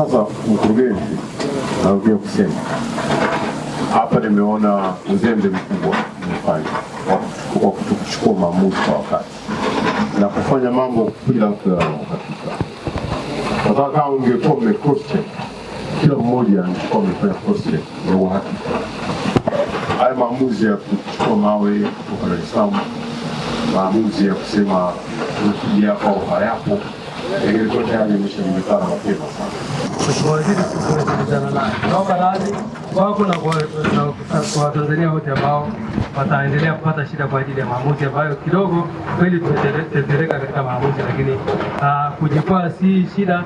Sasa mkurugenzi, narudia kusema hapa, nimeona uzembe mkubwa umefanya kwa kuchukua maamuzi kwa wakati na kufanya mambo bila uhakika. Nataka kama ungekuwa mme cross check, kila mmoja angekuwa amefanya cross check ya uhakika. Haya maamuzi ya kuchukua mawe kutoka Dar es Salaam, maamuzi ya kusema yapo hayapo, ingekuwa tayari imeshajulikana mapema sana. Mheshimiwa Waziri, tumeshirikiana naye. Tunaomba radhi kwako na kwa Watanzania wote ambao wataendelea kupata shida kwa ajili ya maamuzi ambayo kidogo kweli tumetetereka katika maamuzi, lakini kujikwaa si shida,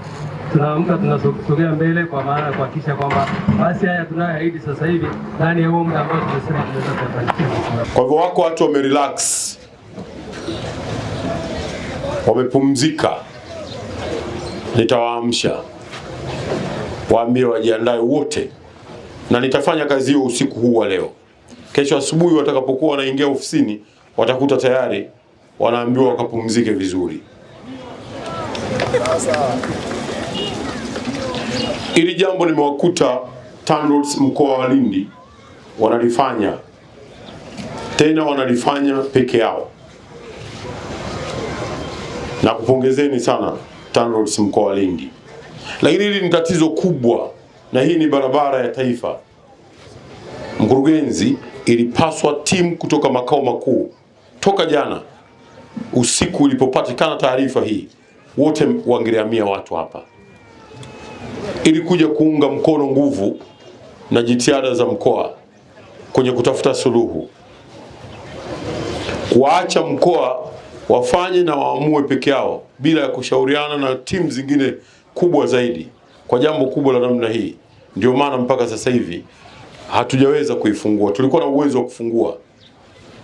tunaamka tunasogea mbele, kwa maana ya kuhakikisha kwamba basi haya tunayoahidi sasa hivi ndani ya huo muda ambao tumesema tunaweza kuyafanikia. Kwa hivyo wako watu wamerelax, wamepumzika, nitawaamsha waambie wajiandae wote, na nitafanya kazi hiyo usiku huu wa leo. Kesho asubuhi watakapokuwa wanaingia ofisini, watakuta tayari wanaambiwa wakapumzike vizuri. Hili jambo limewakuta TANROADS mkoa wa Lindi wanalifanya tena, wanalifanya peke yao, na kupongezeni sana TANROADS mkoa wa Lindi. Lakini hili ni tatizo kubwa, na hii ni barabara ya taifa. Mkurugenzi, ilipaswa timu kutoka makao makuu toka jana usiku ilipopatikana taarifa hii, wote wangeliamia watu hapa ili kuja kuunga mkono nguvu na jitihada za mkoa kwenye kutafuta suluhu, kuwaacha mkoa wafanye na waamue peke yao bila ya kushauriana na timu zingine kubwa zaidi kwa jambo kubwa la namna hii. Ndio maana mpaka sasa hivi hatujaweza kuifungua. Tulikuwa na uwezo wa kufungua,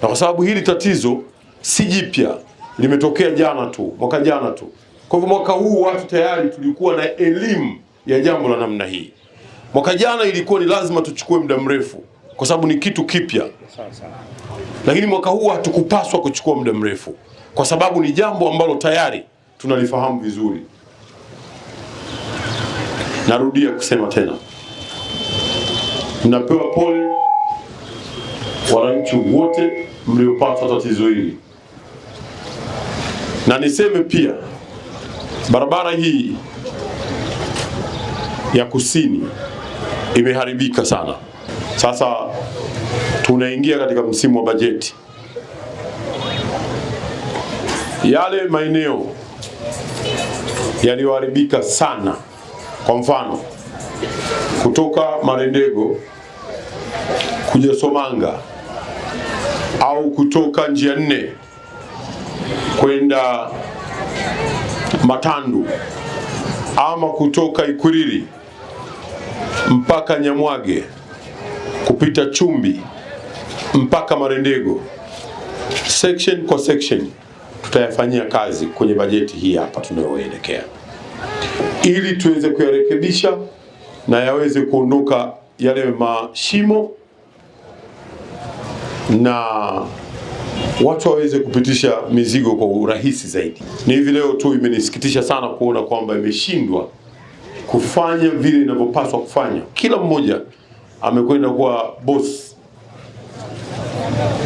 na kwa sababu hili tatizo si jipya, limetokea jana tu, mwaka jana tu. Kwa hivyo mwaka huu watu tayari tulikuwa na elimu ya jambo la namna hii. Mwaka jana ilikuwa ni lazima tuchukue muda mrefu, kwa sababu ni kitu kipya, lakini mwaka huu hatukupaswa kuchukua muda mrefu, kwa sababu ni jambo ambalo tayari tunalifahamu vizuri. Narudia kusema tena, napewa pole wananchi wote mliopata tatizo hili, na niseme pia barabara hii ya kusini imeharibika sana. Sasa tunaingia katika msimu wa bajeti. Yale maeneo yaliyoharibika sana kwa mfano kutoka Marendego kuja Somanga au kutoka njia nne kwenda Matandu ama kutoka Ikwiriri mpaka Nyamwage kupita Chumbi mpaka Marendego, section kwa section tutayafanyia kazi kwenye bajeti hii hapa tunayoelekea ili tuweze kuyarekebisha na yaweze kuondoka yale mashimo na watu waweze kupitisha mizigo kwa urahisi zaidi. Ni hivi leo tu imenisikitisha sana kuona kwamba imeshindwa kufanya vile inavyopaswa kufanya. Kila mmoja amekwenda kuwa boss.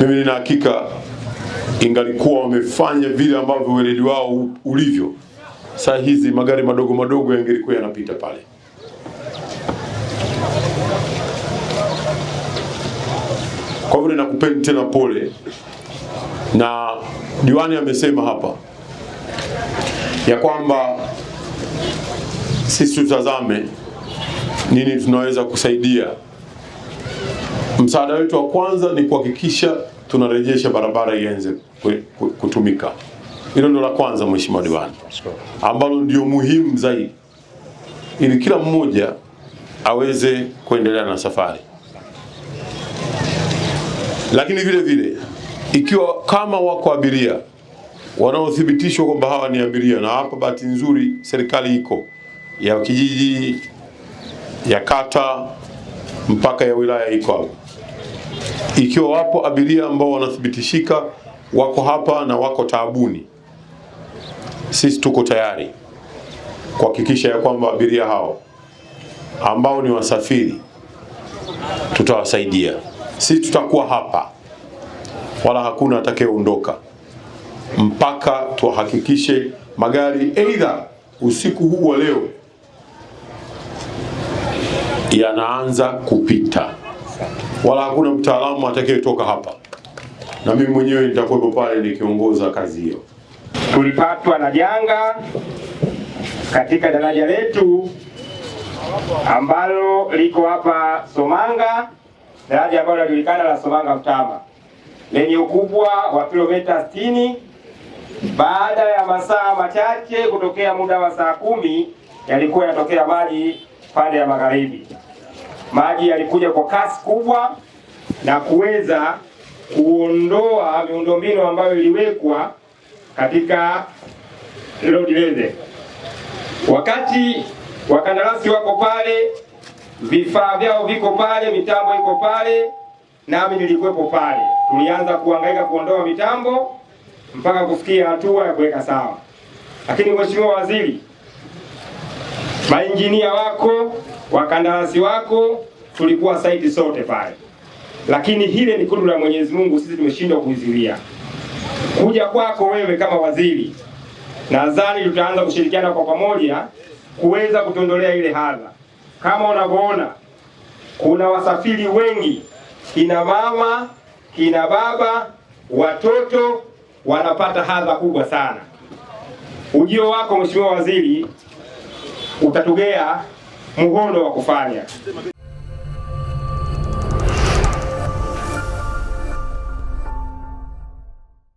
Mimi nina hakika ingalikuwa wamefanya vile ambavyo weledi wao ulivyo saa hizi magari madogo madogo yangelikuwa yanapita pale. Kwa hivyo ninakupeni tena pole, na diwani amesema hapa ya kwamba sisi tutazame nini tunaweza kusaidia. Msaada wetu wa kwanza ni kuhakikisha tunarejesha barabara ianze kutumika. Hilo ndio la kwanza, mheshimiwa diwani, ambalo ndio muhimu zaidi, ili kila mmoja aweze kuendelea na safari. Lakini vile vile, ikiwa kama wako abiria wanaothibitishwa kwamba hawa ni abiria, na hapa bahati nzuri serikali iko ya kijiji, ya kata, mpaka ya wilaya iko hapo. Ikiwa wapo abiria ambao wanathibitishika wako hapa na wako taabuni sisi tuko tayari kuhakikisha ya kwamba abiria hao ambao ni wasafiri tutawasaidia. Sisi tutakuwa hapa, wala hakuna atakayeondoka mpaka tuwahakikishe magari aidha usiku huu wa leo yanaanza kupita, wala hakuna mtaalamu atakayetoka hapa, na mimi mwenyewe nitakuwepo pale nikiongoza kazi hiyo tulipatwa na janga katika daraja letu ambalo liko hapa Somanga, daraja ambalo linajulikana la Somanga Mtama lenye ukubwa wa kilomita 60. Baada ya masaa machache kutokea muda wa saa kumi, yalikuwa yanatokea maji pande ya magharibi. Maji yalikuja kwa kasi kubwa na kuweza kuondoa miundombinu ambayo iliwekwa katika Lord Lende. Wakati wakandarasi wako pale, vifaa vyao viko pale, mitambo iko pale, nami nilikuwepo pale. Tulianza kuangaika kuondoa mitambo mpaka kufikia hatua ya kuweka sawa. Lakini mheshimiwa waziri, mainjinia wako, wakandarasi wako, tulikuwa saiti sote pale, lakini hile ni kundi la Mwenyezi Mungu, sisi tumeshindwa kuizuia. Kuja kwako wewe kama waziri, nadhani tutaanza kushirikiana kwa pamoja kuweza kutondolea ile hadha. Kama unavyoona kuna wasafiri wengi, kina mama, kina baba, watoto wanapata hadha kubwa sana. Ujio wako Mheshimiwa Waziri utatugea muhondo wa kufanya